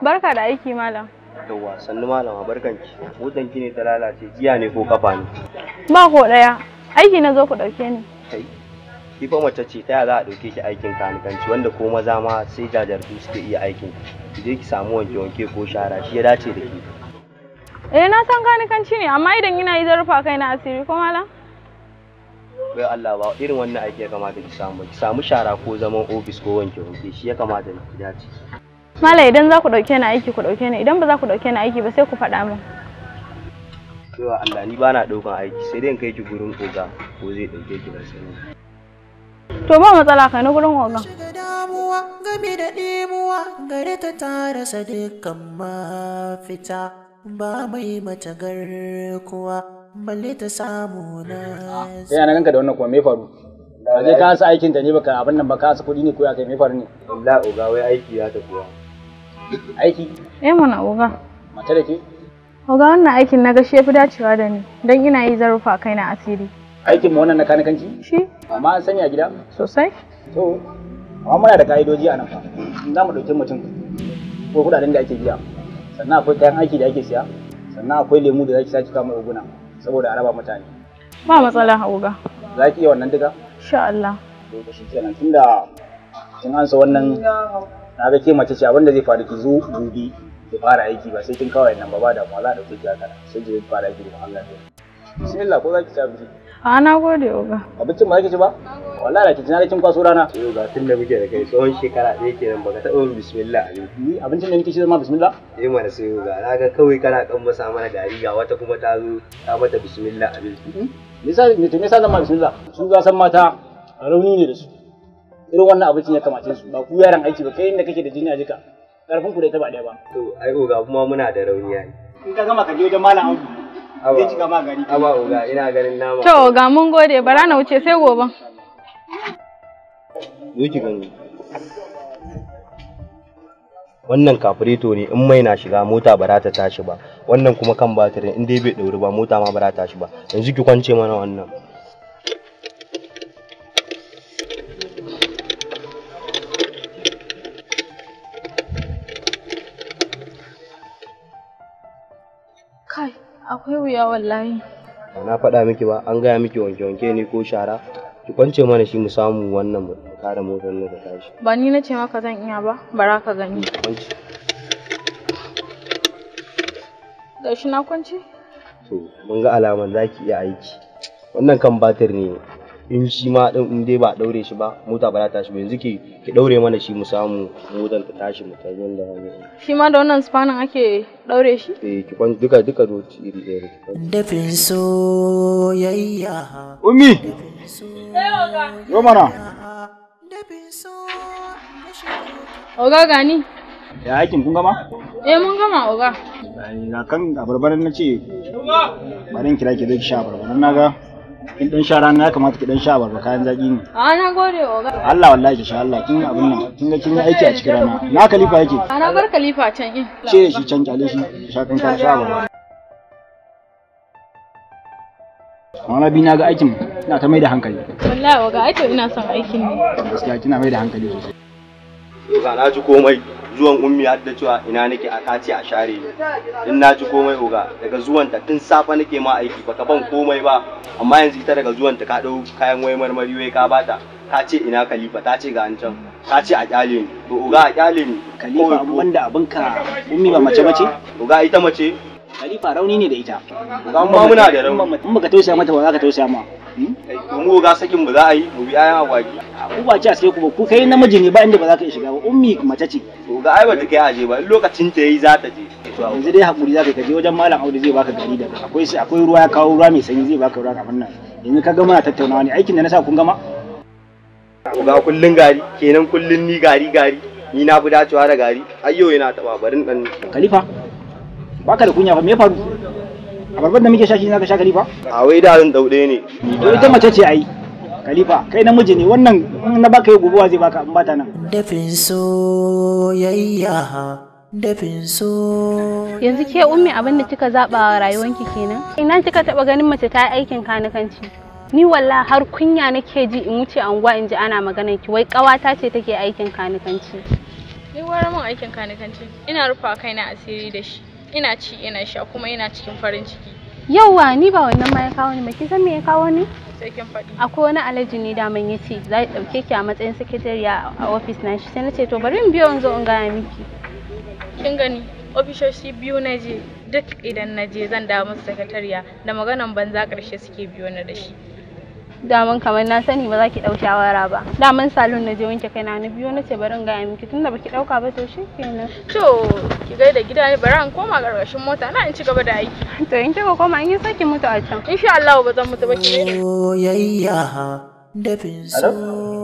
Barka da aiki malam. Yawwa, sannu malama barkanki. Hudan ki ne ta lalace, jiya ne ko kafa ne? Ba ko daya. Aiki na zo ku dauke ni. Kai. Ki fa mace ce ta za a dauke ki aikin kanikanci wanda ko maza ma sai jajartu suke iya aikin. Ki je ki samu wanke wanke ko shara, shi ya dace da ke. Eh na san kanikanci ne, amma idan ina yi zarfa kai na asiri ko malam? bai Allah ba irin wannan aiki ya kamata ki samu ki samu shara ko zaman ofis ko wanke wanke shi ya kamata ki dace Mala idan za ku dauke ni aiki ku ɗauke ni idan ba za ku ɗauke ni aiki ba sai ku faɗa min. Yawa Allah ni ba na ɗaukan aiki sai dai in kai ki gurin oga ko zai ɗauke ki da sani. To ba matsala kai na gurin oga. Game da gare ta tara sa dukkan mafita ba mai mata garkuwa balle ta samu na. Sai ana ganka da wannan kuma me faru? ba zai ka aikin da ne baka abin nan ba ka kuɗi ne ko ya kai me faru ne wallahi oga wai aiki ya tafi Aiki? Eh mana oga. Mata da ke? Oga wannan aikin na gashi ya fi dacewa da ni don ina yi zarufa kai na asiri. Aikin mu wannan na kanikanci? Shi. Amma an sanya gida? Sosai. To, amma muna da ka'idoji a nan fa. Za mu ɗauki mutum ko kuɗaɗen da ake biya. Sannan akwai kayan aiki da ake siya. Sannan akwai lemu da za ki sake kama oguna saboda a raba mutane. Ba matsala oga. Za ki iya wannan duka? Sha Allah. To, shi kenan tunda kin ansa wannan na ga ke mace ce abin da zai faru ki zo gobe ki fara aiki ba sai kin kawai nan ba ba da za da kuke haka sai ki fara aiki da Allah ne bismillah ko za ki ci abinci a na gode oga abincin ba kike ci ba wallahi da ki na kin kwaso rana eh oga tun da muke da kai tsohon shekara ɗaya kenan baka taɓa bismillah ni abincin da nake ci ma bismillah eh mana sai oga na ga kawai kana kan masa mana gari ga wata kuma ta zo ta mata bismillah abinci hmm? me yasa me yasa zan ma bismillah su ga san mata rauni ne da su irin wannan abincin ya kamace su ba ku yaran aiki ba kai inda kake da jini a jika karfin ku da ita ba daya ba to ai oga kuma muna da rauni ai in ka gama ka je wajen malam Audu zai cika ma gari aba oga ina ganin nama to oga mun gode bara na wuce sai gobe Yuki gani wannan kafireto ne in mai na shiga mota ba za ta tashi ba wannan kuma kan batirin in dai bai ɗauri ba mota ma ba za ta tashi ba yanzu ki kwance mana wannan Akwai wuya wallahi. Na faɗa miki ba an gaya miki wanke-wanke ne ko shara. Ki kwance mana shi mu samu wannan mu kare motar ne ta tashi. Ba ni nace maka zan iya ba, bara ka gani. Kwance. Da shi na kwance? To, mun ga alaman zaki iya aiki. Wannan kan batir ne. in shi ma din in dai ba daure shi ba mota ba za ta shi ba yanzu ke ki daure mana shi mu samu motar ta tashi mu ta yanda shi ma da wannan spanin ake daure shi eh ki kwan duka duka ci iri ɗaya dafin soyayya ummi yo mana oga gani ya aikin kun gama eh mun gama oga kan abarbaran na ce barin kira ki zai ki sha abarbaran na ga in dan sha rana ya kamata ki dan sha barba kayan zaki ne a na gode oga Allah wallahi ki sha Allah kin abin nan kin ga kin yi aiki a cikin rana na kalifa yake a na bar kalifa can in ce shi can kyale shi sha kan ka sha barba Mama bi na ga aikin ina ta mai da hankali wallahi oga ai to ina son aikin ne gaskiya kina mai da hankali sosai ga na ji komai zuwan ummi har da cewa ina nake a kace a share ni in na ci komai oga daga zuwan ta tun safa nake ma aiki baka ban komai ba amma yanzu ita daga zuwan ta ka dau kayan wai marmari wai ka bata ka ce ina khalifa ta ce ga an can ka ce a kyale ni to oga a kyale ni khalifa amman da abin ka ummi ba mace bace oga ita mace khalifa rauni ne da ita oga amma muna da rauni in baka tausaya mata ba za ka tausaya ma mu ga sakin mu za a yi mu bi ayan agwagi ku ba ci a sai kuma ku kai namiji ne ba inda ba za ka iya shiga ba ummi mace ce to ga ai ba ta kai aje ba in lokacin ta yi za ta je yanzu dai hakuri za ka je wajen malam Audu zai baka gari daga akwai akwai ruwa ya kawo ruwa mai sanyi zai baka ruwa kafin nan yanzu ka ga tattaunawa ne aikin da na sa kun gama ga kullun gari kenan kullun ni gari gari ni na fi dacewa da gari ayyo yana taba barin dan khalifa baka da kunya fa me faru abarban da muke sha na ka sha khalifa a wai da zan daude ne to ita mace ce ai khalifa kai namiji ne wannan in na baka yi gobewa zai baka in bata nan dafin so yayya dafin so yanzu ke ummi abin da kika zaba wa rayuwanki kenan ina kika taba ganin mace ta yi aikin kanikanci ni walla har kunya nake ji in wuce anguwa in ji ana maganar ki wai kawata ce take aikin kanikanci ni wara mun aikin kanikanci ina rufa kaina asiri da shi ina ci ina sha kuma ina cikin farin ciki yauwa ni ba wannan ma ya kawo ni ba ki san me ya kawo ni sai kin faɗi akwai wani alaji ne da man yace za ki ɗauke ki a matsayin secretary a ofis na shi sai na ce to bari in biyo in zo in gaya miki kin gani ofishoshi biyu na je duk idan na je zan da musu sakatariya da maganan banza karshe suke biyo na da shi daman kamar na sani ba za ki ɗau shawara ba daman salon na je wanke kai na biyo nace bari in gaya miki tunda baki dauka ba to shi kenan to ki ga da gida bari an koma ƙarƙashin mota na in ci gaba da aiki to in kika koma in yi saki mutu a can insha Allah ba zan mutu ba ki ga da dafin so